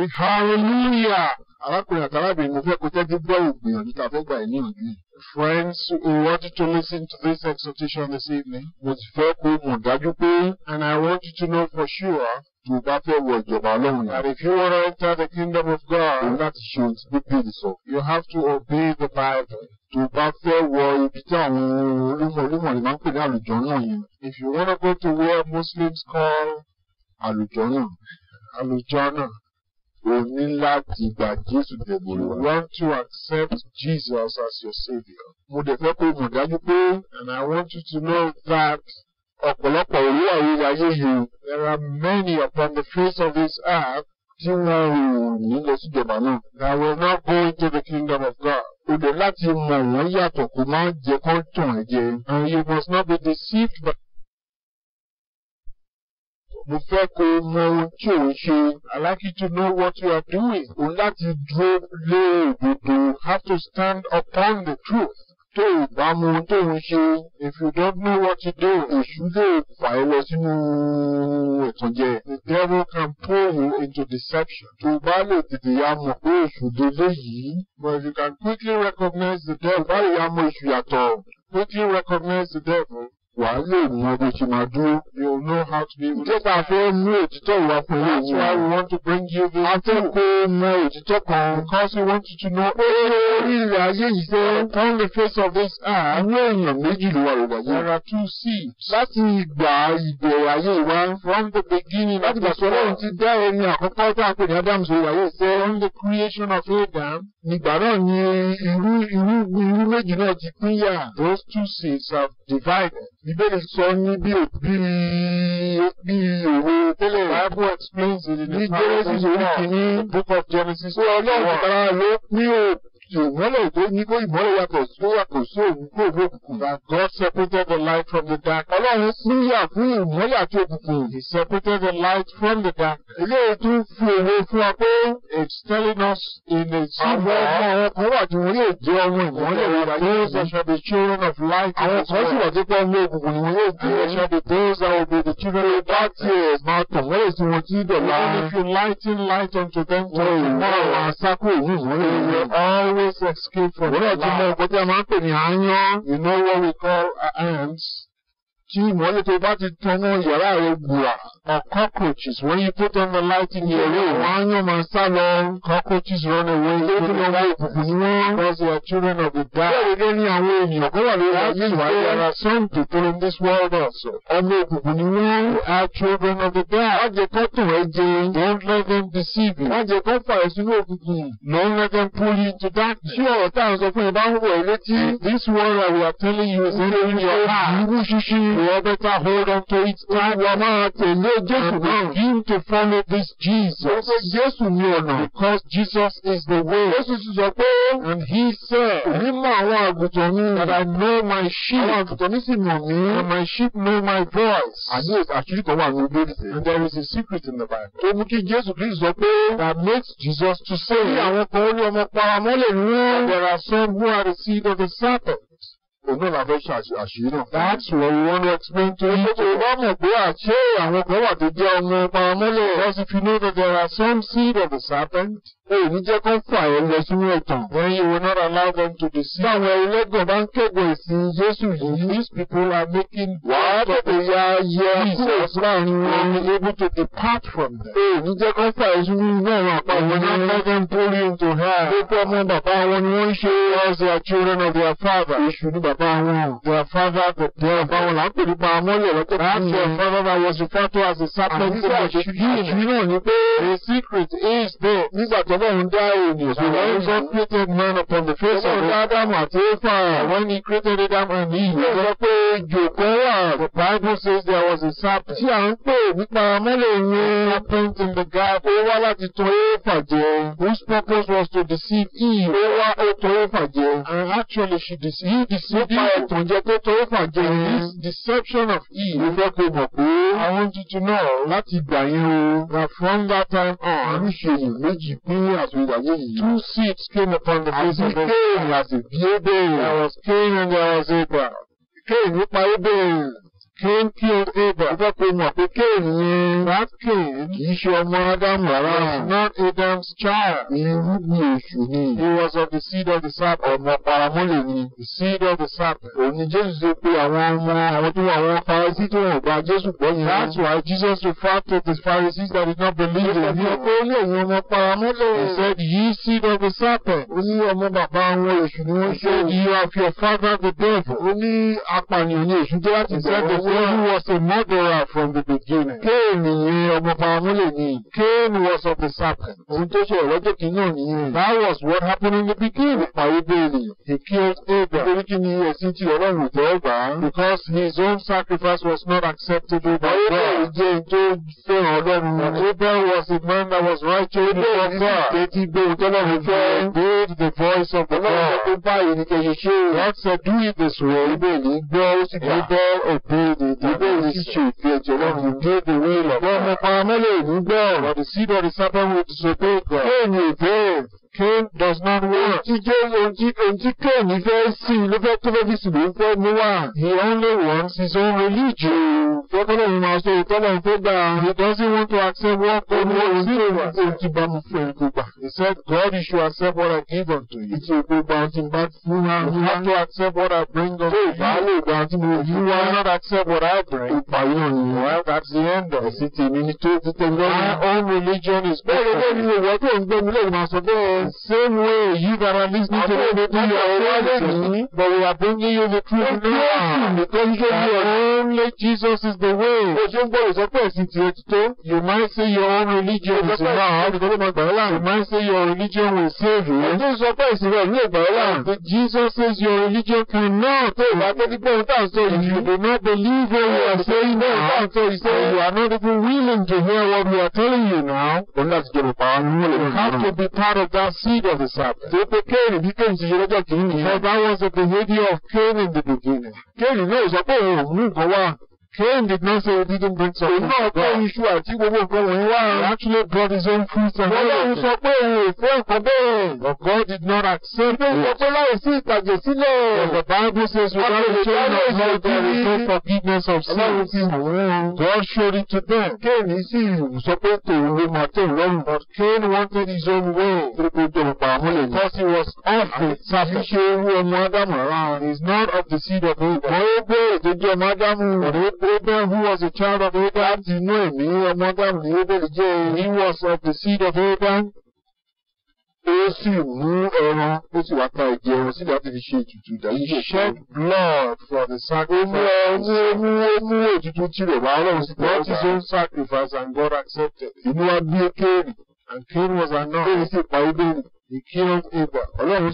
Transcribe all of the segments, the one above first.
pé hallelujah arákùnrin àtàlábìnrin mo fẹ́ kó tẹ́tí gbọ́ ògbìyànjú tá a fẹ́ gbà ẹ́ ní òjú yìí. Friends We want you to listen to this exhortation this evening. Mo ti fẹ́ kó mọ̀ dájú pé and I want you to know for sure tó o bá fẹ́ wọ ìjọba ọlọ́run yẹn. if you wanna enter the kingdom of God. o láti ṣe ohun tí bíbélì sọ. you have to obey the Bible. tó o bá fẹ́ wọ ibi tí àwọn olúmọ̀ olúmọ̀ lè máa ń pè ní àlùjọ náà yẹn. if you wanna go to where Muslims call àlùjọ náà àlùjọ náà. O ní láti gba Jésù dẹ̀bò rẹ̀. You want to accept Jesus as your saviour. Mo dẹ̀ fẹ́ kó mọ̀ dájú pé and I want you to know that ọ̀pọ̀lọpọ̀ òwú àwùjọ ayé yìí. There are many upon the face of this earth tí wọ́n ò ní lọ sí ìjọba náà. That will not go into the kingdom of God. O dẹ̀ láti mọ̀ wọ́n yàtọ̀ kó má jẹ́ kó tàn ẹ́ jẹ. And you must not be deceived by mo fẹ́ kó o mọ ohun tí ò ń ṣe. I like you to know what you are doing. O láti dúró lé òdodo. Have to stand upon the truth tó o bá mọ ohun tó ń ṣe if you don't know what to do èṣù lè fà ẹ́ lọ sínú ìtànjẹ. the devil can pull you into deception. tó o bá lè tètè ya mọ̀ pé èṣù délé yìí but if you can quickly recognize the devil báyìí ya mọ̀ èṣù yàtọ̀ quickly recognize the devil wàá lè mọ bó ṣe máa dúró. you know how to be. ìjọba fẹ́ mú òtítọ́ wá pẹ̀lú òun. that's why we want to bring you this. a fẹ́ kó mọ òtítọ́ kan. because we want you to know. pé orí ilẹ̀ ayé yìí fẹ́. on the face of this earth. àwọn èèyàn méjì ló wà lọ́wọ́ yẹn. there are two seeds. láti ìgbà ìbẹ̀rẹ̀ ayé wa. from the beginning. láti gbà sọ́dọ̀ ohun ti dá ẹni àkọ́kọ́ tá a pè ní Adam sọ ìwà yìí fẹ́. from the creation of Adam. nígbà náà ni irú irú irú méjì náà ti pínyà. those two seeds have divided ìbéèrè sọ ní bí bí òwe tẹ́lẹ̀ Bible explains it in the Genesis orí kìíní book of Genesis. Ọlọ́run kan ló ní òkú ìmọ́lẹ̀ tó ní kó ìmọ́lẹ̀ yàtọ̀ tó yàtọ̀ sí òun kó òun òkùnkùn. That God separated the light from the dark. are you? Ọlọ́run pínyà fún ìmọ́lẹ̀ àti òkùnkùn. He separated the light from the dark. Eléyìí tún fi òwe fún wa pé it's telling us in a simple way. Àwọn ọkọ̀ wà tí wọ́n yóò jẹ́ ọmọ ìmọ́lẹ̀ wọn. Those that shall children of light. I want sì wà tí wọ́n ní òkùnkùn ni wọ́n yóò jẹ́. They shall be those that will be the children of dark. Máa tàn wọ́n èsì wọn tí dọ̀la. Even if you lighten light unto them, wọ́n ìwọ́n àwọn asákò ìlú ìwọ́n always escape from. Wọ́n ti mọ ọkọ tí a máa ń pè ní àyán. You know what we call uh, ants tí ìmọ́lẹ̀ tó bá ti tanná yàrá rẹ̀ gbùrà or cockroaches when you put on the light in your room wọ́n á yàn máa sá cockroaches run away lórí ọwọ́ òkùnkùn ni wọ́n because they are children of the dark. bẹ́ẹ̀ gẹ́gẹ́ ní àwọn ènìyàn kan wà lórí ayé ìwà yàrá some people in this world also ọmọ òkùnkùn ni wọ́n are children of the dark. wọ́n jẹ kó tàn ẹ́ jẹ don't let them deceive you. wọ́n jẹ kó fà ẹ́ sínú òkùnkùn don't let them pull you into darkness. ṣé ọ̀rọ̀ táwọn sọ fún ẹ bá you. wọ̀ ẹ́ létí this world that we are telling you is in your heart whoever better hold on to it tight and begin to follow this Jesus. Because Jesus is the way. the And he said that I know my sheep and my sheep know my voice. And there is a secret in the Bible that makes Jesus to say, There are some who are the seed of the serpent òun náà la fẹ́ ṣe àṣírí náà. that's what we want to explain to you. ṣé o bá mọ̀ pé àṣé àwọn kan wà tó jẹ́ ọmọ ọmọ amúlẹ̀. because if you know that there are some seed of the serpent èyí jẹ́ kó fún àwọn lọ sínú ẹ̀tàn. Then you will not allow them to deceive. Báwọn ẹlẹ́gàn bá ń kẹ́gbọ̀n ìsìn Jésù yìí. These people are making wàá tètè ya yẹ kúrò láàrin wọn. They are able to depart from them. Èyí jẹ́ kó fún àwọn sínú iná ìwà àpapọ̀ ní eleven pull into hell. Gbogbo ọmọ bàbá wọn ni wọ́n ń ṣe as their children of their father. Èṣù ni bàbá wọn. Their father the devil. Báwọn là ń pè father that was referred to as a serpent. the secret is there. Nígbà tó Ọlọ́run dá ènìyàn. So when God created man upon the face of the Adam àti Efa. When he created Adam and Eve. Ó sọ pé jòkó wà. The Bible says there was a serpent. Tí à ń pè nípa mọ́lẹ̀ yẹn. Serpent in the garden. Ó wá láti tàn Efa jẹ. Whose purpose was to deceive Eve. Ó wá ó tàn Efa jẹ. And actually she deceived. He deceived you. Ó pa ẹ̀tàn jẹ tó tàn Efa jẹ. This deception of Eve. Ó fẹ́ kó mọ̀ pé. I want you to know. Láti gbà yẹn o. Na from that time on. Àrùn ṣe yìí méjì pín you we were womb. Two seats came upon the face of earth. Àti Cain àti There was Cain and there was Abel. Cain nípa Abel tí ó ń kí o bọ̀ fẹ́ kó mọ̀ pé kéèyàn yẹn rákìn kì í ṣe ọmọ Ádámù rárá. not Adam's child. irúgbìn èṣù ni. he was of the seed of the serpent. ọmọ paramọ́lẹ̀ ni. the seed of the serpent. òun ni Jésù ṣe pé àwọn ọmọ àwọn tó àwọn Farisí tó wọ́n gba Jésù gbọ́ yẹn. that's why Jesus referred to the Pharisees that did not believe him. ó sọ pé ọmọ paramọ́lẹ̀. he said ye seed of the serpent. ó ọmọ bàbá àwọn èṣù ni wọ́n ṣe. he said you have your father the devil. ó ní apànìyàn ni èṣù tó láti bẹ̀rẹ̀ Who was a murderer from the beginning. Kéènì yẹn ọmọ Fáwọnlẹ̀ ni. Cain was of the serpent. Ohun tó ṣe ọ̀rọ̀jọ́ kìíní òní yẹn. That was what happened in the beginning. Parí bẹ́ẹ̀ni. He killed Abel. Nítorí kí ni ẹ̀sìn tí Ọlọ́run tẹ́ gbà Because his own sacrifice was not acceptable by God. Abel jẹ́ ìjọ fẹ́ràn Ọlọ́run. Abel was a man that was righteous before God. Abel ti gbé ìtọ́lọ́run fẹ́. Obeyed the voice of the Lord. Ọlọ́run tó báyìí ni kẹ̀yẹ́ ṣe. God said do it this way. Abel gbọ́ ó sì gbọ́ obeyed. They will give the way of God. They will not be seated on the serpent will disobey God. They will obey. Pain does not want. Tí jẹ́ ohun tí Kéènì fẹ́ sí ló fẹ́ tó fẹ́ fi sì ló fẹ́ mú wà. He only wants his own religion. Fọ́kànlá mi máa sọ ìtọ́lọ̀ tó gbà. He doesn't want to accept what God wants to accept. Ohun tí bá mi fẹ́ kó gbà. He said God you should accept what I give unto you. It's a good ohun but n bá You have to accept what I bring unto you. Tó bá lè gba ohun tí mo You not accept what I bring. Ìpàwọ̀ yìí. Well that's the end of it. Ẹ̀sìn tèmi ni tó ti tẹ̀ My own religion is better. Bẹ́ẹ̀ni bẹ́ẹ̀ni ìwọ́n tó ń gbé mi lè máa sọ bẹ́ẹ̀ same way you that are listening to the radio are listening, but we are bringing you the truth now. Because you are only Jesus is the way. You might say your own religion is enough. You might say your religion will save you. Ah, but Jesus says your religion cannot. So if you do not believe what we are saying now, So you are not even willing to hear what we are telling you now, you have to be part of that not see what is happening. Tó pé Kéèrè bí Kéèrè ti ṣe lọ́jọ́ kìíní. Ọba wọn sọ pé rédíò Kéèrè in the beginning. Kéèrè náà sọ pé òun nǹkan wá. Cain did not say he didn't bring something. Òun náà kó iṣu àti He actually brought his own fruits and everything. Ọlọ́run sọ pé òun But God did not accept it. Ó sọ láì sí ìtàjẹ̀ the Bible says without a change of God there is no forgiveness of sins." God showed it to them. Cain sì sọ pé tòun ló máa But Cain wanted his own way. Gbogbo ìjọba pàmò lè. Because he was awful. Àti ṣe irú ọmọ Ádámù rárá. He is not of the seed of Abel. Wọ́n ó gbé ètò ìjọba Ádámù. Abel, who was a child of Abraham, the Noemi, among them the Abel Joe, he was of the seed of Abraham. Ó sì mú ẹran, ó sì wá ta ẹ̀jẹ̀ ẹran sílẹ̀ láti fi ṣe ètùtù ìdájí ṣe fún un. He shed blood for the sacrifice. Ó mú ọmú ọmú ọmú ètùtù tirẹ̀ wá ọlọ́run sí pẹ̀lú his own sacrifice and God accepted. Inú wa bí Kéèrì. And Cain was annulled. Kéèrì sì pa Ebèrè. He killed Abel. Ọlọ́run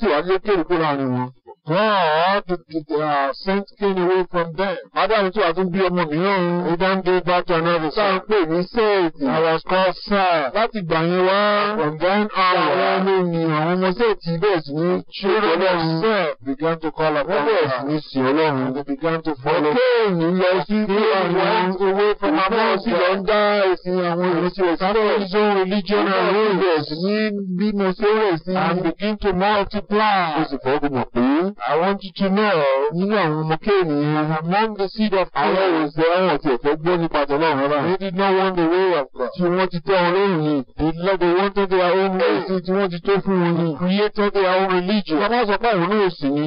sì wá lé Kéèrì kúrò àárín wọn. Now, uh, sent Cain away from them. Adam tún àti bí ọmọ mìíràn. He then gave back to another son. Sáà ń pè ní Séètì. I was called sir. Láti gbà yẹn wá. From then on. Àwọn ọmọ ènìyàn àwọn ọmọ Séètì bẹ̀rẹ̀ sí ní ṣúrò lọ́run. Sẹ́ẹ̀ began to call upon God. Wọ́n bẹ̀rẹ̀ sí ní sí Ọlọ́run. They began to follow. Kéènì lọ sí bí ọ̀run. Owó fún ọmọ sí lọ ń dá ẹ̀sìn àwọn ìrẹsì rẹ̀ sáré. Káfíńsó religion and rule. Bẹ̀rẹ̀ sí ní bímọ sí ó rẹ̀ sí. And begin to multiply. Ó sì fọ́ àwọn tuntun náà nínú àwọn ọmọ kéènì among the seed of God. àwọn òṣè àwọn ọ̀tí ẹ̀fẹ́ gbọ́ nípa tọ́lá ọ̀rọ̀ náà. they did not want the way of God. tí wọ́n ti tẹ́ wọn lóhùn yìí. they love the one to their own way. ẹ̀sìn tí wọ́n ti tó fún wọn ni. creator their own religion. wọ́n máa sọ pé àwọn náà sì ni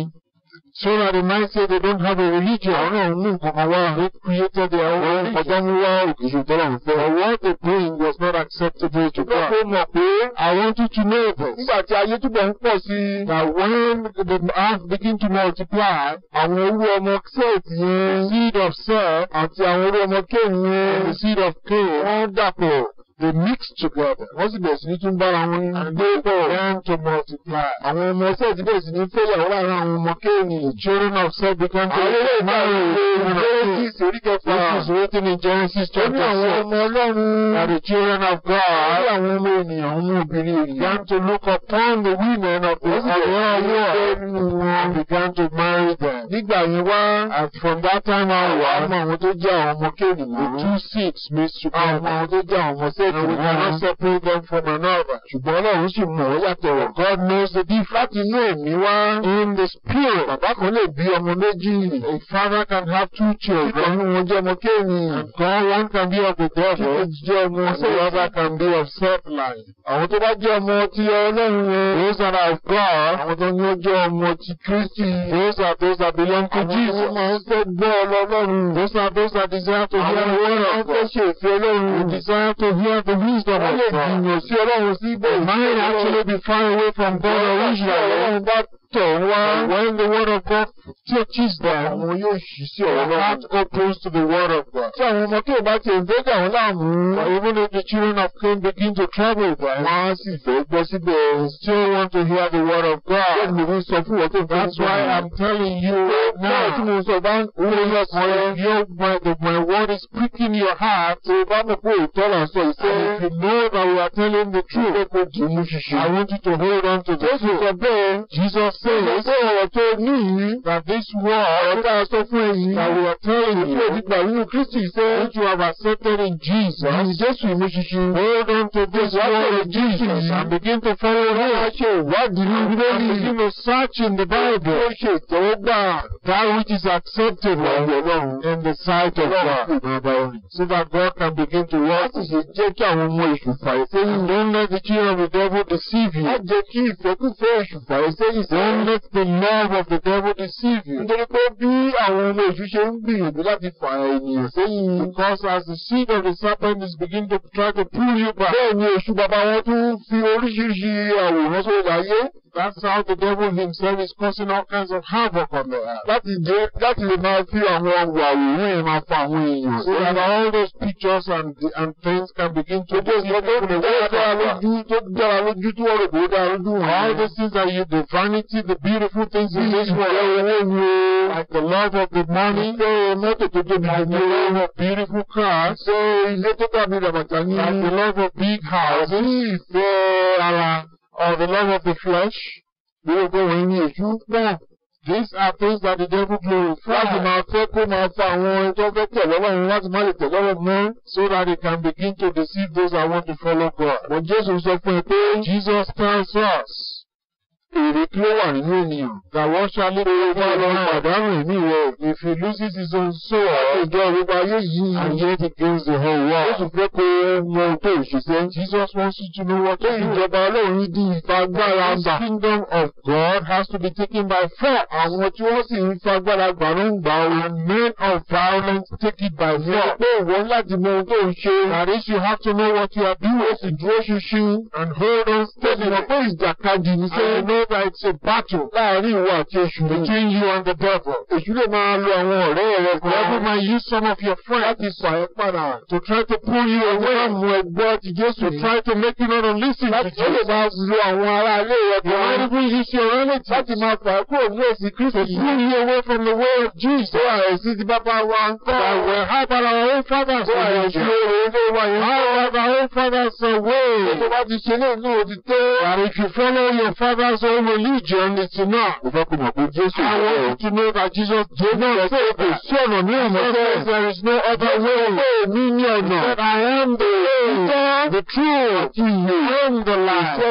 so that it might say they don't have a religion. Àwọn ah. náà mú nǹkan They created their own ah. religion. Àwọn ọ̀dọ́ mú wá òkèṣù tọ́lá ń fẹ́. But ah. what they bring was not acceptable to God. Nígbà tó mọ̀ pé àwọn tuntun náà bọ̀. Nígbà tí ayé túbọ̀ ń pọ̀ That when the earth begin to multiply, àwọn orú ọmọ Seth yẹn, seed of self, and àwọn orú ọmọ Cain yẹn, seed of Cain, wọ́n dàpọ̀ they mix together. wọ́n sì bẹ̀rẹ̀ sí ní tún bára wọn gbé pọ̀ learn to multiply. àwọn ọmọ ọsẹ ti bẹ̀rẹ̀ sí ní fẹ́yàwó láàárín àwọn ọmọ kéènì. children of self become children. àwọn ilé ìbára ìwé Genesis orí kẹfà. this is written in Genesis chapter six. ó ní àwọn ọmọ ọlọ́run. are the children of God. ó ní àwọn ọmọ ènìyàn ọmọ obìnrin ènìyàn. began to look upon the women of the world. and began to marry them. nígbà yẹn wá. and from that time on wá. àwọn àwọn tó jẹ́ àwọn ọmọ kéènì two seats made to mistake wọn á sọ pé them from another. ṣùgbọ́n ọlọ́run sì mọ̀ ọ́ yàtọ̀ God knows the difference. láti inú èmi wá. in the spirit. bàbá kan lè bí ọmọ méjì. a father can have two children. kíkọ́ inú wọn jẹ́ ọmọ kéènì. and God one can be of the devil. kíkọ́ jẹ́ ọmọ sẹ́yìn. the other can be of self-line. àwọn tó bá jẹ́ ọmọ ti ọlọ́run yẹn. those that are of God. àwọn tó ní ó jẹ́ ọmọ ti Kristi. those are those that belong to Jesus. àwọn máa ń fẹ́ gbọ́ ọlọ́run. those are those that desire to hear the word of God. àwọn tó máa ń fẹ́ ṣe ìfẹ́ ọlọ́run. desire to hear have the wisdom of God. Mine actually be far away from God originally. tọ̀ wá. When the word of God touches them, àwọn yóò ṣí sí ọ̀rọ̀ náà. Heart opens to the word of God. Tí àwọn ọmọ tó bá ti ń gbẹ́gà wọn láàmú. Even if the children of Cain begin to travel by. Wọ́n á sì fẹ́ gbọ́ síbẹ̀. Still want to hear the word of God. Bẹ́ẹ̀ ni mo sọ fún wọ́n tó fẹ́ That's why I'm telling you now. Tí mo sọ bá ń kú lọ sọ. Your my my word is pricking your heart. Tó o bá mọ̀ pé òótọ́ là sọ ìṣe. If you know that we are telling the truth. Ṣé kò dùn mú ṣiṣẹ́? I want you to hold on to this. Jésù sọ bẹ́ẹ̀. Jesus say is ọ̀rọ̀ tó ní yìí that this word ọ̀rọ̀ tá a sọ fún ẹ̀yin that we are telling you pé nípa nínú Kristi sẹ́ which you have accepted in Jesus ní Jésù ìmúṣiṣu hold on to this word of Jesus and begin to follow him wọ́n á ṣe ìwádìí ní ìwé ní begin to search in the Bible ó ṣe ìtẹ́wọ́gbà that which is acceptable in the sight of God so that God can begin to work láti ṣe jẹ́ kí àwọn ọmọ èṣù fàyè let the devil deceive you. wọ́n jẹ́ kí ìfẹ́kùfẹ́ èṣù Don't let the love of the devil deceive you. nítorí pé bí àwọn ọmọ èṣù ṣe ń gbìyànjú láti fà ènìyàn sẹ́yìn. because as the seed of the serpent is beginning to try to pull you back. bẹ́ẹ̀ ni èṣù bàbá wọn tún fi oríṣiríṣi àwòrán sórí ayé. That's how the devil himself is causing all kinds of havoc on the earth. Láti jẹ́ láti lè máa fi àwọn ọ̀wọ̀ àwòrán yẹn máa fa àwọn èèyàn. So that all those pictures and and things can begin to be seen in the world. Tó dára lójú tó dára lójú tó wọ́n rò pé ó dára lójú. All those things that you the vanity see the beautiful things in this world. Like the love of the money. Like the love of beautiful cars. Like the love of big houses. Or uh, the love of the flesh. We will go here. These are things that the devil glorifies. Láti máa fẹ́ kó máa fa àwọn ohun tó fẹ́ tẹ̀lé Ọlọ́run láti So that they can begin to deceive those that want to follow God. But Jésù sọ fún ẹ Jesus tells us èrè tí ó wà nínú ènìyàn. Gàwọ́ ṣalé owó bá lọ pàdánù ẹ̀mí rẹ̀. If you lose this on so ọ̀. Ìjọ gbogbo ayé yìí. And yet it gains the whole world. Oṣù fẹ́ pé wọn tó òṣìṣẹ́. Jesus wants you to know what to do. Ìjọba Ọlọ́run di ìfagbára gbà. The kingdom of God has to be taken by force. Àwọn tí wọ́n sì ń fagbára gbà ló ń gbà o. a man of violence take it by force. Ṣé pé ìwọ láti mọ ohun tó ń ṣe? Àrí you have to know what you are doing. Ó sì dúró ṣinṣin and hold on steady. Ṣé ìwọ pé ìjàkadì ń sẹ́yìn náà? whereby it's a battle láàrin ìwọ àti èṣù between you and the devil. èṣù lè máa lo àwọn ọ̀rẹ́ rẹ kan. devil might use some of your friends. láti sọ àyẹ̀ padà. to try to pull you away. láti mú ẹgbẹ́ ti Jésù. to try to make you not listen to Jesus. láti lè máa lo àwọn ará ilé rẹ kan. you might even use your relatives. láti máa fà á kúrò ní èsì Kristi. to pull you away from the way of Jesus. ó àrẹ sí ti bàbá wa ń kọ́. àwẹ̀ àbára ó fàdà sọ wẹ̀. ó àrẹ sí èrè ilé wa yẹn. àwẹ̀ àbára ó fàdà sọ if you follow your father's own religion is enough. Mo fẹ́ kó mọ̀ pé Jésù yóò. I want you to know that Jesus did not say kò sí ọ̀nà ní ọ̀nà fẹ́. There is no other way. Ṣé mi ní ọ̀nà? That I am the way, the truth, àti ìyè. I am the life. No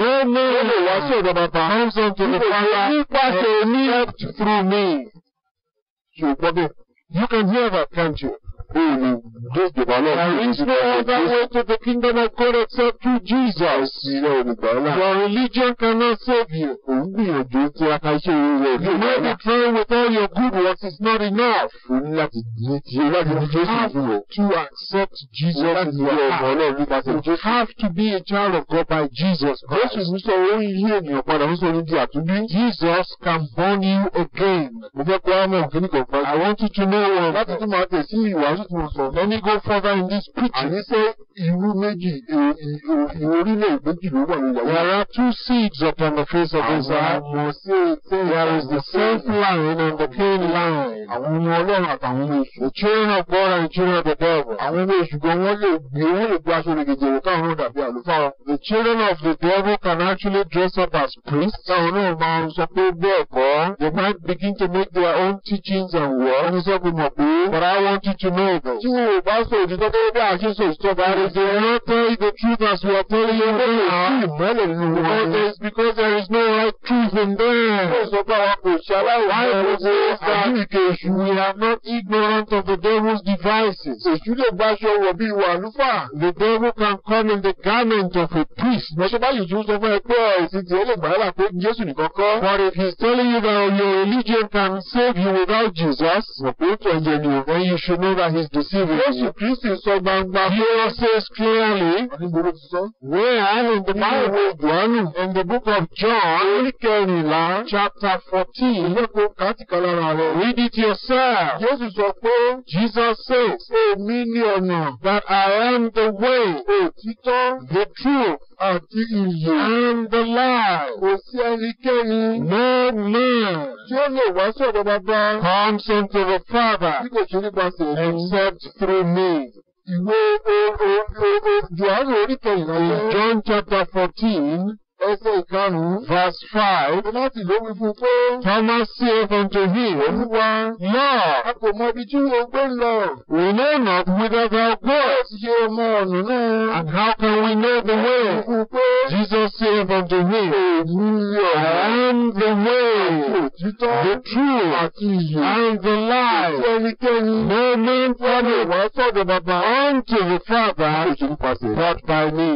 ló ní olè wá sí ọ̀dọ̀ bàbá. Comes unto the Father nípasẹ̀ mi. Helped through me. Ṣùgbọ́n bẹ́ẹ̀, you can hear that, can't you? For is no to the kingdom of God except through Jesus. Your religion cannot save you. You may be trying with all your good works, it's not enough. You have to accept Jesus in your heart. You have to be a child of God by Jesus Christ. Jesus can born you again. I want you to know one. Jesus was of any go further in this preaching. Àní pé irú méjì òfin orílẹ̀ méjì ló wà lóyàwó. There are two seeds upon the face of this earth. Àwọn ọmọ sí etí. There is the safe line and the plain line. Àwọn ọmọ Ọlọ́run àtàwọn ọmọ èṣù. The children of God and the children of the devil. Àwọn ọmọ èṣù gan wọ́n lè gbé wọ́n lè gbé aṣọ òrègèdè rẹ̀ káwọn náà dàbí àlùfáà. The children of the devil can actually dress up as priests. Táwọn náà máa ń sọ pé bẹ́ẹ̀ kọ́. They might begin to make their own teachings and work. Wọ́n ní sọ́kùn mọ̀ pé. But I want you to know Boga. Ti u basto i to bilo bla, ti su sto bare the Lord the truth as we are telling you now. Because there is because there is no right truth in there. So powerful. Shall I why says that we are not ignorant of the devil's devices. Èṣùlẹ̀ gbàṣọ wọ̀ bí ìwà àlùfà. The devil can come in the garment of a priest. Mọ̀ṣẹ́ báyìí tún sọ fún ẹ pé ẹ̀sìn tí ó lè gbà lábàá pé Jésù nìkan kọ́. But if he is telling you that your religion can save you without Jesus, ọ̀pọ̀ ètò ẹ̀jẹ̀ ni ò then you should know that he is deceiving Jésù Kristi sọ gbangba pé says clearly where in the Bible Jòhánù in the book of John orí kẹrìnlá chapter fourteen ìlẹ́kọ̀ọ́ kàtìkà lára rẹ̀ read it yourself Jésù sọ pé Jesus says èmi ni ọ̀nà that I am the way òtítọ́ the truth àti ìyè. And the light. Kò sí ẹnikẹ́ni. No man. Tí ó lè wá sọ̀rọ̀ bàbá. Comes unto the Father. Bí kò ṣe nípa sèlú. Except through me. Ìwé Jòhánù orí kẹyìnlá. John chapter fourteen ọkọ̀ ìkarùn-ún verse five láti ló wí fún pé Thomas saith unto him olúwa náà a kò mọ ibi tí o gbé lọ. We know not whither thou goest. Ṣé o mọ ọ̀nà náà? And how can we know the way? Jesus saith unto him. Èmi ọ̀rọ̀. I am the way. Òtítọ́. The truth. Àti ìyè. And the life. Ẹnikẹ́ni. No man follow. Wàá sọ̀dọ̀ bàbá. Unto the Father. Ó ṣe ń pàṣẹ. Not by me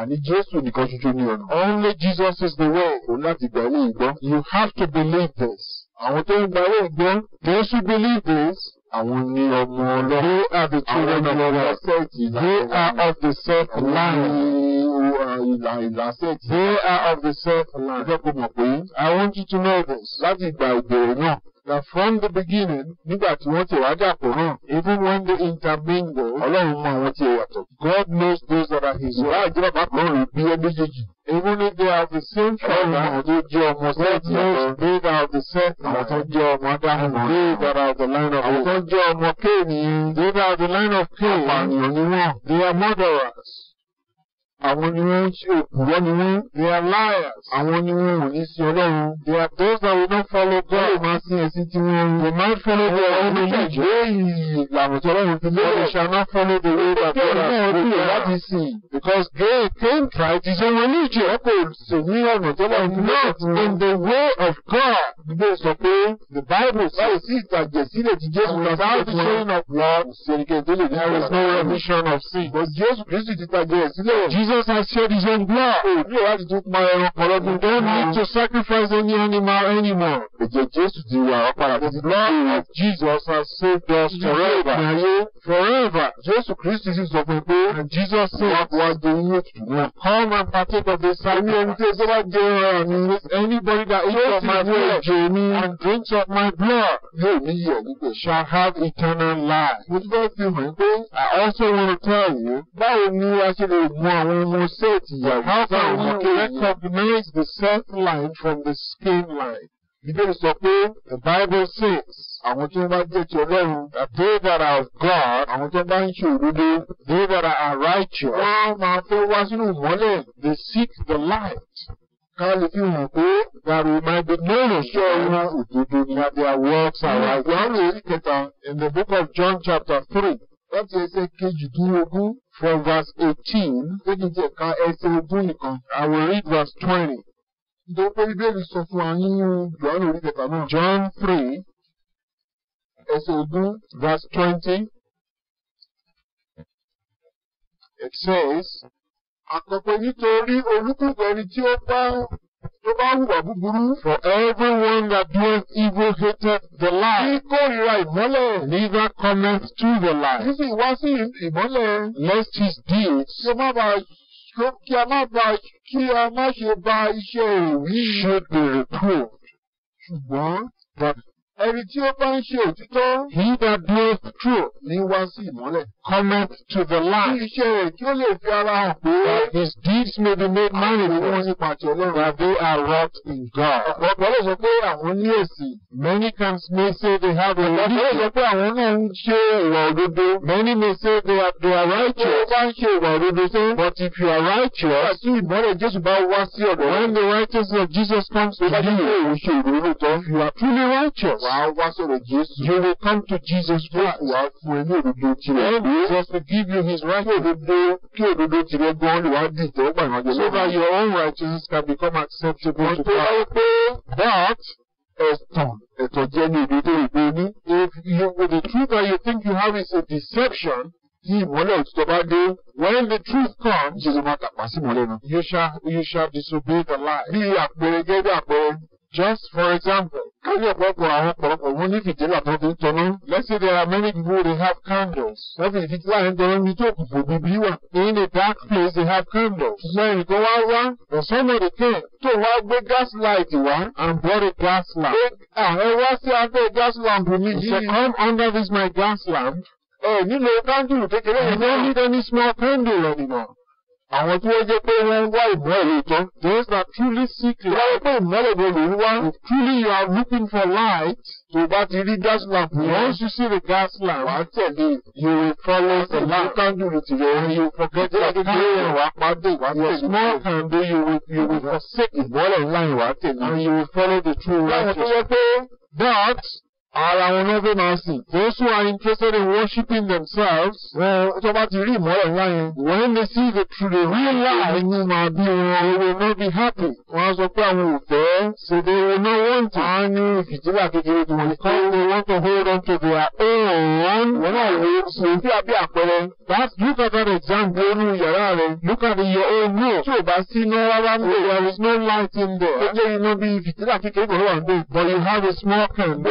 àní Jésù nìkan ṣoṣo ni ọ̀nà. Only Jesus is the way. Kò láti gbàwé ìgbọ́. You have to believe this. Àwọn tó ń gbàwé ìgbọ́. Those who believe this. Àwọn ni ọmọ ọlọ́run. They are the children of the God. They are of the self line. ìlà ìlà set. They are of the self line. I want you to know this. Láti ìgbà ìbẹ̀rẹ̀ náà that from the beginning nígbà tí wọ́n ti wá dàpọ̀ náà even when they intermingle ọlọ́run mọ àwọn tí ẹ yàtọ̀. God knows those that are his own. ìwà àjọba pàápàá ọ̀rọ̀ bí ẹ méjèèjì. even if they are the same father ọ̀dọ́ jẹ́ ọmọ sẹ́ẹ̀tì ọ̀dọ́ they that are the same father, ọ̀dọ́ jẹ́ ọmọ adáhùn they that are the line of hope ọ̀dọ́ jẹ́ ọmọ kéènì they that are the line of Cain àpànìyàn ni wọ́n they are murderers àwọn ni wọ́n ṣe òkùnrọ́ ni wọ́n. they are liars. àwọn ni wọn ò ní sin ọlọ́run. they are those that will not follow God. wọ́n máa sin ẹ̀sìn tí wọ́n. they might follow their the religion. èyí làwọn tí ọlọ́run fi lé. they shall not follow the way that God has made them láti see? because they came try to say religion. wọ́n kò sì ní ọ̀nà tó lọ́run fi lé. not in the way of God. gbogbo sọ pé the Bible says. báyìí sí ìtàjẹ̀ sílẹ̀ tí Jésù náà sọ fún wọn. without the showing of blood. there is no remission of sin. but Jésù Kristu ti Jesus has shed his own blood. You have to do my don't need to sacrifice any animal anymore. The blood of Jesus has saved us forever. Forever. Jesus Christ is his open And Jesus said, What do you do? Come and partake of this sacrifice. Anybody that eats of my flesh and drinks of my blood shall have eternal life. I also want to tell you, that ni a ṣe lè mú àwọn How can we ọmọkè recognize the self line from the skin line. Bíbélì sọ pé the Bible says "I want wọ́n bá jẹ́ ti Ọlọ́run they that are of God I want wọ́n bá you, they that are righteous wọ́n máa fẹ́ wá sínú ìmọ́lẹ̀ they seek the light. Ká lè fi hàn pé dàrú máa gbé lóòrùn sí ọ̀run òdodo ní abẹ́ àwọ̀ ṣàwà. Ìwà rèé kẹta in the book of John chapter three láti ẹsẹ̀ kejì dín ogún from verse 18 ó ti ka ẹsẹ̀ ogún nìkan I will read verse twenty. nítorí pé bíbélì sọ fún wa nínú John orí kẹta náà. John three ẹsẹ̀ ogún verse twenty it says. àkọ́pẹ́ nítorí olúkúlùkù ẹni tí ó bá tó búburú. for everyone that does evil hated the light. kí kórìíra ìmọ́lẹ̀. neither comes to the light. kí sì wá sí ìmọ́lẹ̀. lest his deeds. kí o má bàa kí a má bàa kí a má ṣe bà iṣẹ́ òwì. should be reproved. ṣùgbọ́n that Ẹni tí ó bá ń ṣe òtítọ́. He that doeth true. Ní wá sí ìmọ́lẹ̀. Cometh to the light. Kí iṣẹ́ rẹ̀ kí ó lè fi ara hàn pé. That his deeds may be made manifest. Àwọn wọn nípa ti Ọlọ́run. That they are wrought in God. Ọ̀pọ̀lọpọ̀ lè sọ pé àwọn ní èsì. Many can may say they have a religion. Ọ̀pọ̀lọpọ̀ lè sọ pé àwọn náà ń ṣe ìwà òdodo. Many may say they are they are righteous. Ó bá ń ṣe ìwà òdodo sẹ́. But if you are righteous. Nígbà tí ìmọ́lẹ̀ Jésù bá wá sí ọ̀dọ̀. When the righteousness of Jesus comes to you. Ìbá jẹ́ pé òun ṣe ìrònú tán. You are truly righteous wàá wá sọ̀rọ̀ Jésù. You will come to Jesus Christ. Wàá fún ẹ ní òdodo tirẹ̀. And Jesus will give you his right. Kí òdodo kí òdodo tirẹ̀ gan lè wá dì tọ́ gbà ìrànjẹ lọ́wọ́. So that your own righteousness can become acceptable to God. Wọ́n tó wáyé pé that ẹ̀tàn ẹ̀tàn jẹ́ ní èdè tó ìgbé ní. If you with the truth that you think you have is a deception. Tí ìmọ́lẹ̀ òtítọ́ bá dé, when the truth comes, Jésù máa tàpá sí ìmọ́lẹ̀ náà. You shall you shall disobey the lie. Bí àpẹẹrẹ gẹ́gẹ́ bí àpẹẹrẹ Just for example, káyọ̀ pọ̀pọ̀ àwọn ọ̀pọ̀lọpọ̀ wọn ní fìtílà tó fi ń tọ́nà. Let's say there are many people they have candles. Wọ́n fi fìtílà ń tọ́nà ní tó kùfò bíbí wà. In a dark place they have candles. Ṣùgbọ́n ẹnìkan wá wá ọ̀sánmọ̀dé kan tó wá gbé gas light wá and brought a gas lamp. Ah, Àwọn was the other gas lamp mi yìí. So come under this my gas lamp. you know, nílò you take yẹn. I don't need any small candle anymore àwọn tí wọ́n jẹ́ pé wọ́n ń wá ìmọ́lẹ̀ lóòótọ́ those that truly seek light. wọ́n pé ìmọ́lẹ̀ ló ń wá. truly you are looking for light. tó o bá ti rí gas lamp yẹn. once you see the gas lamp. wàá tẹ̀lé you will follow the lamp. you can do it to your own. you forget that the day wàá pàdé wàá tẹ̀lé. your small candle you will you will forsake ìmọ́lẹ̀ ńlá yẹn wàá tẹ̀lé. and you will follow the true light. báwo tó yẹ pé that ara wọn náà fẹ́ Those who are interested in worshiping themselves. Wọ́n tó bá ti rí ìmọ́lẹ̀ ńlá When they see the true the real life. Inú máa bí They will not be happy. Wọ́n á sọ pé àwọn So they will not want to. If you do fìtílà kékeré tí wọ́n. Because they want to hold on to their own. Wọ́n náà wo sòwòtí àbí àpẹẹrẹ. That look at that example nínú yàrá rẹ̀. Look at your own room. So o bá sí There is no light in there. Ó jẹ́ iná bí fìtílà kékeré kan ló wà níbẹ̀. But you have a small can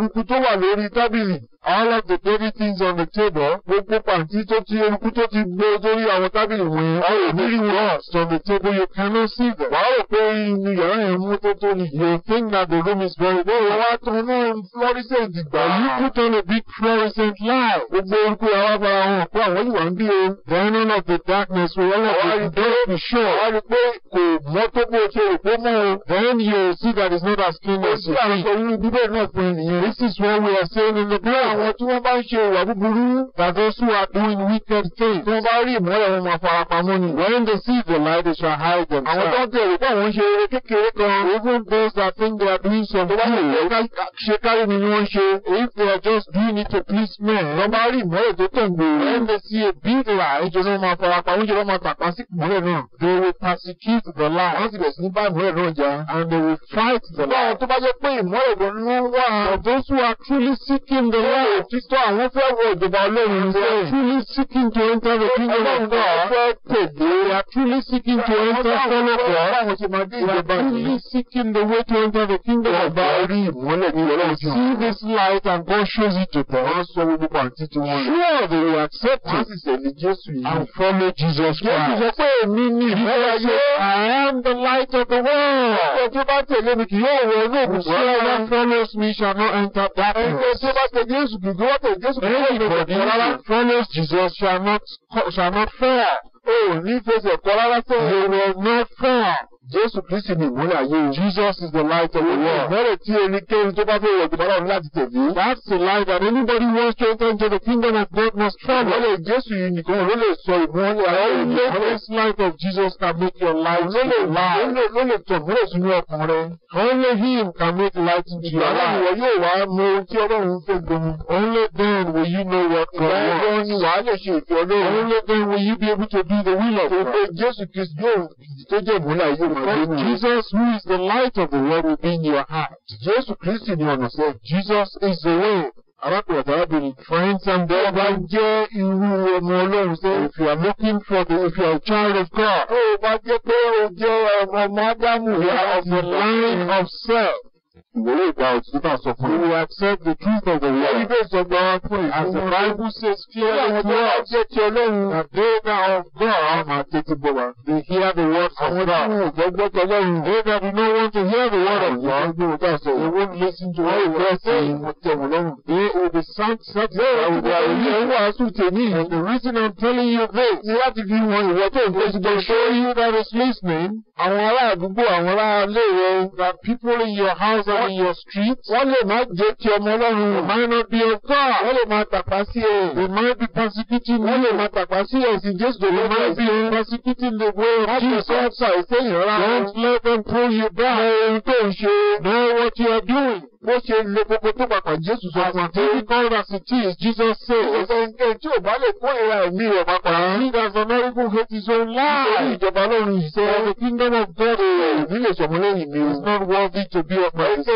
eruku tó wà lórí tábìlì all of the dirty things on the table gbogbo pàǹtí tó ti eruku tó ti gbé sórí àwọn tábìlì wọn a ò ní rí rust on the table you cannot see them. wàá rò pé inú yàrá yẹn mú tó tó ni. you think that the room is very well. wọ́n wá tún inú fluorescent ìgbà. you put on a big fluorescent light. gbogbo eruku yà wá fara hàn pé àwọn ìwà ń bí o. then all of the darkness will all of you dark be sure. wàá rí pé kò mọ́ tó bó ṣe rò pé mọ́ o. then you see that it's not as clean as you think. ó sì àwọn sọ inú bíbélì náà fún ènìyàn. this is what we are saying in the blood àwọn tí wọ́n bá ń ṣe ìwà búburú that those who are doing wicked things tí wọ́n bá rí ìmọ́lẹ̀ wọn máa fara pamọ́ ni. when they see the light they shall hide them. àwọn tó ń tẹ̀lé pé àwọn ń ṣe eré kékeré kan. even those that think they are doing something. tó bá yẹ kó ṣe kárí ni wọ́n ṣe. if they are just doing it to please men. tó bá rí ìmọ́lẹ̀ tó tẹ̀ gbòòrò. when they see a big light. ìjọ náà máa fara pamọ́ ìjọ náà máa tàpá sí ìmọ́lẹ̀ náà. they will persecute the light. wọ́n sì bẹ̀ sí ní bá ìmọ́lẹ̀ náà jà. and they will fight the light. báwọn tó bá jẹ́ pé ìmọ́lẹ̀ gan-an those who are truly seeking the light fẹ́ wò títọ́ àwọn fẹ́ wò ìjọba ọlọ́run ní sẹ́yìn. truly seeking to enter the kingdom of God. ọlọ́run fẹ́ tèdè. we are truly seeking to enter fellowship. báwo ṣe máa dé ìjọba yìí. truly seeking the way to enter the kingdom of God. wọ́n rí ìmọ́lẹ̀ ní ọlọ́run jù. see this light and God shows it to them. wọ́n sọ gbogbo pàǹtí tí wọ́n rí. sure they will accept it. wọ́n sì sẹ̀lẹ̀ Jésù yìí. and follow Jesus Christ. Jésù sọ pé èmi ni ìfẹ́ ayé. I am the light of the world. ọ̀pọ̀ tó bá tẹ̀lé mi kì yóò wọ inú òkùnkùn. whoever follows me shall not enter darkness. ẹ̀ka tó bá tẹ̀lé Jésù kìí gbọ́dọ̀ Jésù kìí gbọ́dọ̀ rárá. Follows Jesus shall not shall not fail o ní fẹsẹ̀ kọ́ rárá tó èrò ọ̀nà fún Jésù Kristi ni ìmúlẹ̀ ayé Jesus is the light of the world. Ìmọ̀lẹ̀ tí ẹnikẹ́ni tó bá fẹ́ wọ̀ ìgbàlá ọ̀run láti tẹ̀lé. That's the life that anybody wants to enter into the kingdom of God must travel. Ìmọ̀lẹ̀ Jésù yìí nìkan ló lè sọ ìmọ̀lẹ̀ ayé o. The life of Jesus can make your life alive. Ló lè tọ̀ mọ́lẹ̀ sínú ọkàn rẹ. Only him can make light into your life. Ìwọ yóò wá mọ ohun tí Ọlọ́run fẹ́ gbọ́n. Only then will you know what God wants. Ìwọ yóò wá lè ṣe ìfẹ́ Ọlọ́run. Only then will you be able to do the will of God. Jésù Kristi yóò tó jẹ́ ìmúlẹ̀ ayé máa gbé nù. Jesus who is the light of the world will be in your heart. Jésù Kristi ni ọ̀nà sọ. Jesus is the way. Arákùnrin àti arábìnrin. Friends and brothers. Bá jẹ́ irú ọmọ Ọlọ́run sẹ́. If you are looking for the if you are a child of God. Tó bá jẹ́ pé o jẹ́ ọmọ Mádámù. You are of the line of self ìwòrò ìgbà òtún náà sọ fún mi. we will accept the truth of the word. ibẹ̀ sọ gbọ́ fún yìí. as the bible says clearly to us. àwọn ọjọ́ ti ọlọ́run. na they that of God. máa tètè gbọ́ wa. they hear the word of God. àwọn tí wọn gbọ́ gbọ́ tọ́lọ́run. they that do not want to hear the word of God. àwọn gbọ́dọ̀ bá sọ. they won't listen to what God saying. wọ́n tẹ̀ wọ́n lọ́rùn. they will be sound satisfied. they will be aware of wàásù and the reason I'm telling you this. ti láti fi wọn ìwọ tó ń fèsì show you that is listening. àwọn ará àdúgbò àwọn ará ilé that people in your house on your street. Wọ́n lè máa jẹ́ ti ọmọ ọlọ́run. It might not be your car. Wọ́n lè máa tàpá sí ẹ̀. They might be persecuting you. Wọ́n lè máa tàpá sí ẹ̀sìn Jésù lọ́wọ́. They might be persecuting the way of Jesus. Wọ́n lè sọ ọ́sà ìsẹ́yìn rárá. Don't let them pull you down. Know ohun tó ń ṣe. Know what you are doing bó ṣe le gbogbo tó pàpà Jésù sọ fún wa. àti ní kọ́ńdàsì tí Jesus ṣe. ẹ̀sẹ̀ǹkẹ́ tí ò bá lè kó ìra ẹ̀mí rẹ̀ pàpà. leaders of America hate his own life. nítorí ìjọba lọ́run yìí ṣe. the kingdom of God. èmi lè sọmọlẹ́yìn mi. it's not worthy to be a my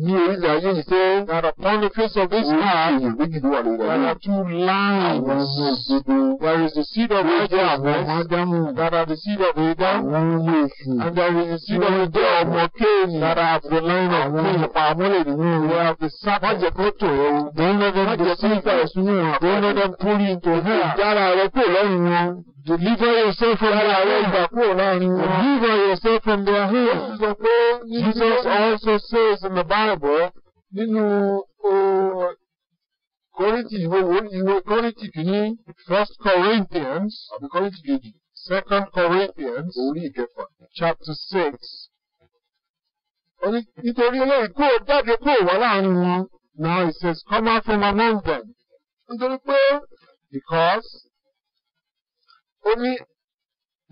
ní orílẹ̀ ayé yìí pé that upon the face of this earth èèyàn méjì ló wà lórí ayé. there two lines. àwọn ọmọ òdodo. there is the seed of righteousness. àwọn ọmọ ádámù. that the seed of Adam. àwọn ọmọ èṣù. and there is the seed of the ọmọ kéènì. that the line of kéènì. ọ̀pọ̀ àmúlẹ̀ ni wọ́n wọ́n á fi sá. má jẹ́ kó tó o. don't let them go ìgbà ìsúnú wọn. don't let them pull into hell. ìjára rẹ kò lọ́rùn wọn. Deliver yourself from their hands. Jesus also says in the Bible káàbọ̀ nínú uh, Kọ́ríntì ìwé Kọ́ríntì kìíní First Corinthians àbí Kọ́ríntì kejì Second Corinthians orí ìkẹfà chapter six. Nítorí eléyìí kó o jáde kó o wà láàrin wọn now it says come out from among them. Nítorí pé because ó ní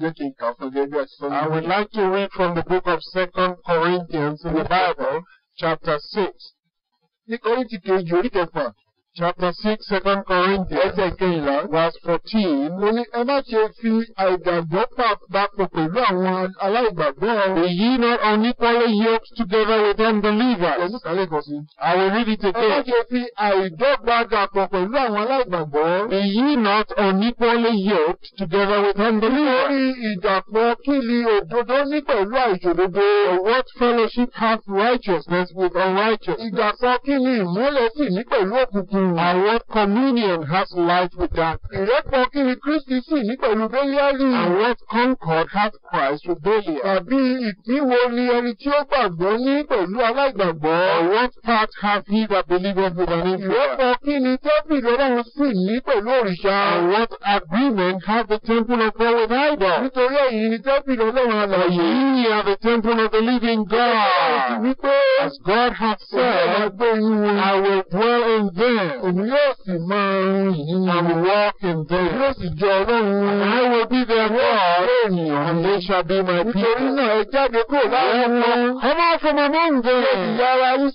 I would like to read from the book of Second Corinthians in the Bible chapter six nítorí ti kejì orí kẹfà chapter six second Corinthians ẹsẹ̀ kejìlá verse fourteen. mo ní ẹ má ṣe fi àìgbàgbọ́ papọ̀ pẹ̀lú àwọn aláìgbàgbọ́. èyí not unequally yoked together with unbelievers. ẹ̀sùn kálẹ̀ kan sí. I will read it again. ẹ má ṣe fi àìdọ́gba dàpọ̀ pẹ̀lú àwọn aláìgbàgbọ́. èyí not unequally yoked together with unbelievers. lórí ìdàpọ̀ kí ni òdodo ní pẹ̀lú àìṣòdodo. what fellowship hath righteousness with unrighteousness? ìdàpọ̀ kí ni ìmúlẹ̀ sì ní pẹ̀lú òkùnkùn. Àwọn hmm. communion has life with that. Ìrẹ́pọ̀ kiri Kristi sì ní pẹ̀lú Bẹ́líárì. And what concord has Christ with Bẹ́líárì? Tàbí ìpínwo ni ẹni tí ó gbàgbọ́ ní pẹ̀lú aláìgbàgbọ́. And what part has he that believeth with an inferior? Ìrẹ́pọ̀ kiri tẹ́bìlì Ọlọ́run sì ní pẹ̀lú òrìṣà. And what agreement has the temple of God with idol? Nítorí èyí ni tẹ́bìlì Ọlọ́run àlàyé. Yìí are the temple of the living God. Wípé as God has said, I will dwell in them òun yóò sì máa rìn nínú àwòwọ́ ìbẹ̀ yóò sì jẹ ọlọ́run I will be there for ènìyàn and they shall be my people. nítorí náà ẹ jáde kúrò láàrin wọn ọmọ afọmọ mọ ń bẹ ìyá ara yín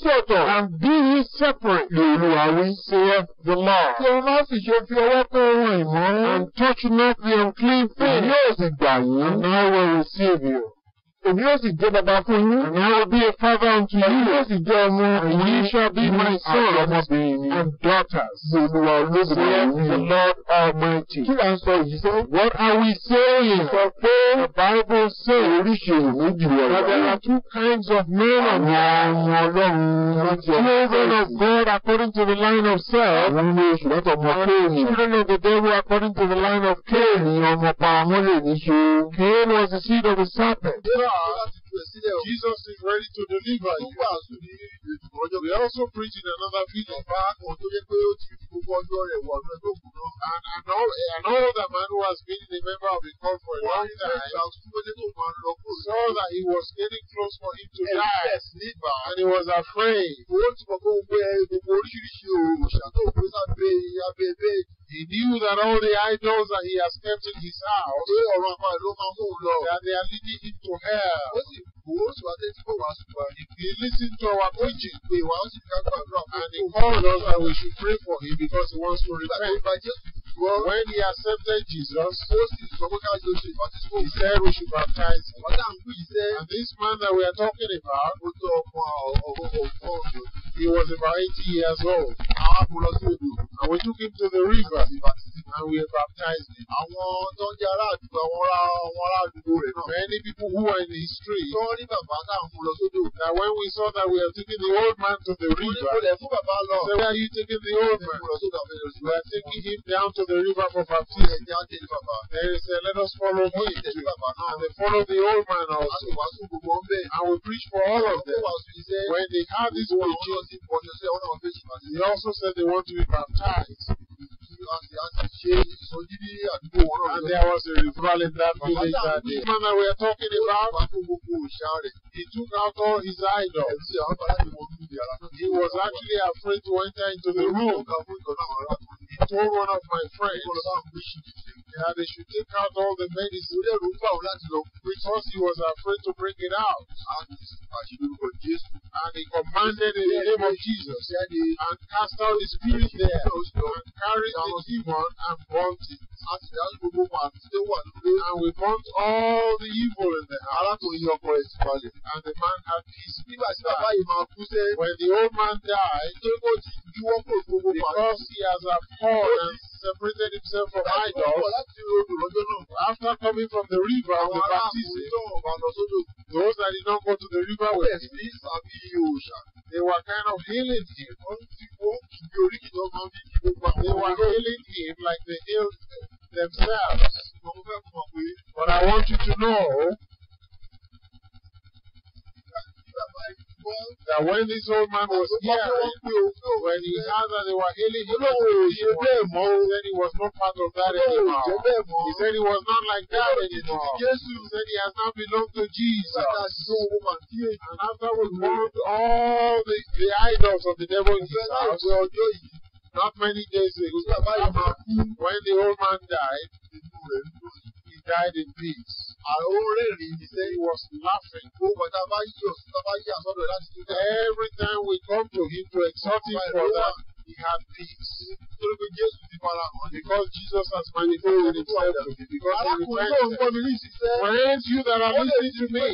and be ye separate. lòlù àwìn ṣe é the law. kí o má sì ṣe fi ọwọ́ kó ohun ìmọ̀ and touch not the unclean thing. yóò sì gbà yín. and I will receive you èmi yóò sì jẹ́ bàbá fún yín. and I will be a father unto you. èmi yóò sì jẹ́ ọmọ. and ye shall be my sons. ọmọbìnrin mi. and daughters. Olúwa olóbìnrin mi. the Lord Almighty. kí là sọ yìí sọ. what are we saying. sọ pé the Bible say. oríṣi méjì wọ̀ wá. there are two kinds of men. àwọn ọmọ Ọlọ́run. the children of God according to the line of self. àwọn ọmọ oṣù láti ọmọ Kéènì. the children of the devil according to the line of Kéènì. ọmọ pa wọn lè ní ṣe. Cain was the seed of the serpent. all Jesus is ready to deliver you. We also preach in another video. And, and, all, and all the man who has been a member of the cult for a long time saw that he was getting close for him to die. And he was afraid. He knew that all the idols that he has kept in his house, that they are leading him to hell. those who are faithful ones who are they listen to our preaching they want to come back from and they called us that we should pray for him because he wants to repent well, when he accepted Jesus he said we should baptize him and this man that we are talking about He was about 80 years old. Àwọn amúlọsíodò, àwọn took him to the river. And we baptized him. Àwọn tó ń jẹ́ ará àdúgbò, àwọn ará àdúgbò rẹ̀ Many people who were in the tree. Tó rí when we saw that we are taking the old man to the river. Olùkọ́ lẹ̀ fún where are you taking the old man? We are taking him down to the river for baptism. Ẹ̀jẹ̀ Then he said, let us follow him. And they follow the old man also. And we preach for all of them. When they had this preaching. They also said they want to be baptized. And there was a revival in that village that day. The man that we are talking about, he took out all his idols. He was actually afraid to enter into the room. He told one of my friends, Yeah, they should take out all the medicine. Because he was afraid to bring it out. And he commanded in the name of Jesus. And cast out the spirit there. And carried the demon and burnt it. And we burnt all the evil in the house. And the man had peace. Eh? When the old man died, because he has a and separated himself from idols after coming from the river of the baptism. Those that did not go to the river were healed. They were kind of healing him. They were healing him like they healed themselves. But I want you to know that when this old man was here, when he heard that they were healing him, he then he was not part of that anymore. He said he was not like that anymore. He said he has now belonged to Jesus. And after afterwards, burned all the, the idols of the devil in his house. Not many days ago, when the old man died, died in peace. I already he said he was laughing. Ó oh, bàtà Every time we come to him to exalt him for that he had peace. Olùkọ́ Jésù call Jesus has manifested Himself to me. father. Arákùnrin náà you that are listening to me,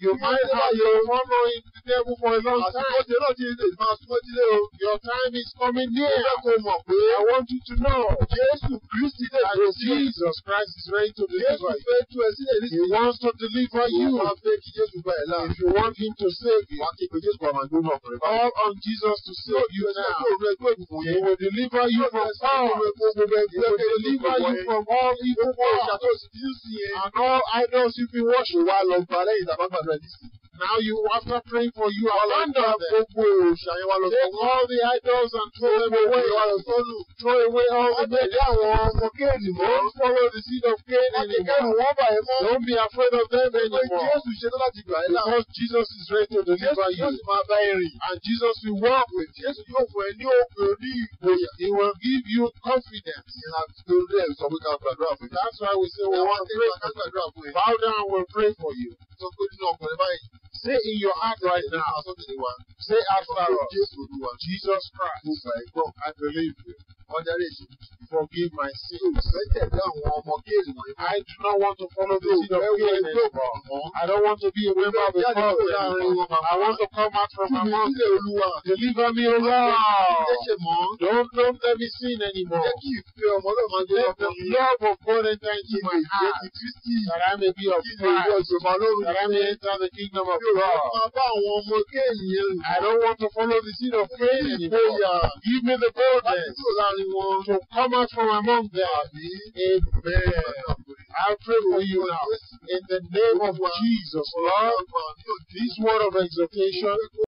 you might have your honour in the devil for a long time. Àsìkò jẹ́ náà ti lè máa súnmọ́ Your time is coming near. I want you to know. Jésù Kristi dé tó Jesus Christ is ready to deliver you. He wants to deliver you. If you want him to save you. Wọ́n á Call on Jesus to save you now. It will deliver you from all. He will deliver you from all evil power. And all idols you've been worshiping while is you be worshipped. Now you not praying for you are under gbogbo Take all the idols and throw them away. Throw away all the men. Àgbẹ̀dẹ àwọn Don't follow the seed of Cain anymore. Don't be afraid of them anymore. Because Jesus is ready to deliver you. And Jesus will walk with you. Jésù yóò fún ẹ ní He will give you confidence. Ìlà torí ẹ̀ sọ pé ká gbàdúrà fún That's why we say we want to pray for you. Bow down and we'll pray for you tó pé nínú ọkùnrin báyìí. Say in your heart right now. Àtúntìwá. Say after all. Jésù Jesus Christ. Mo gbà ẹ́ gbọ́. I believe you. Ọjà lè ṣe. forgive my sins. I do not want to follow the sin of Cain I don't want to be a member of the church. I want to come out from my mouth. Deliver me, O Lord. Don't, don't let me sin anymore. Let the love of God enter into my heart that I may be of Christ, that I may enter the kingdom of God. I don't want to follow the sin of Cain anymore. Give me the boldness to come much for among them. Amen. I pray for you now. In the name of Jesus, Lord, this word of exhortation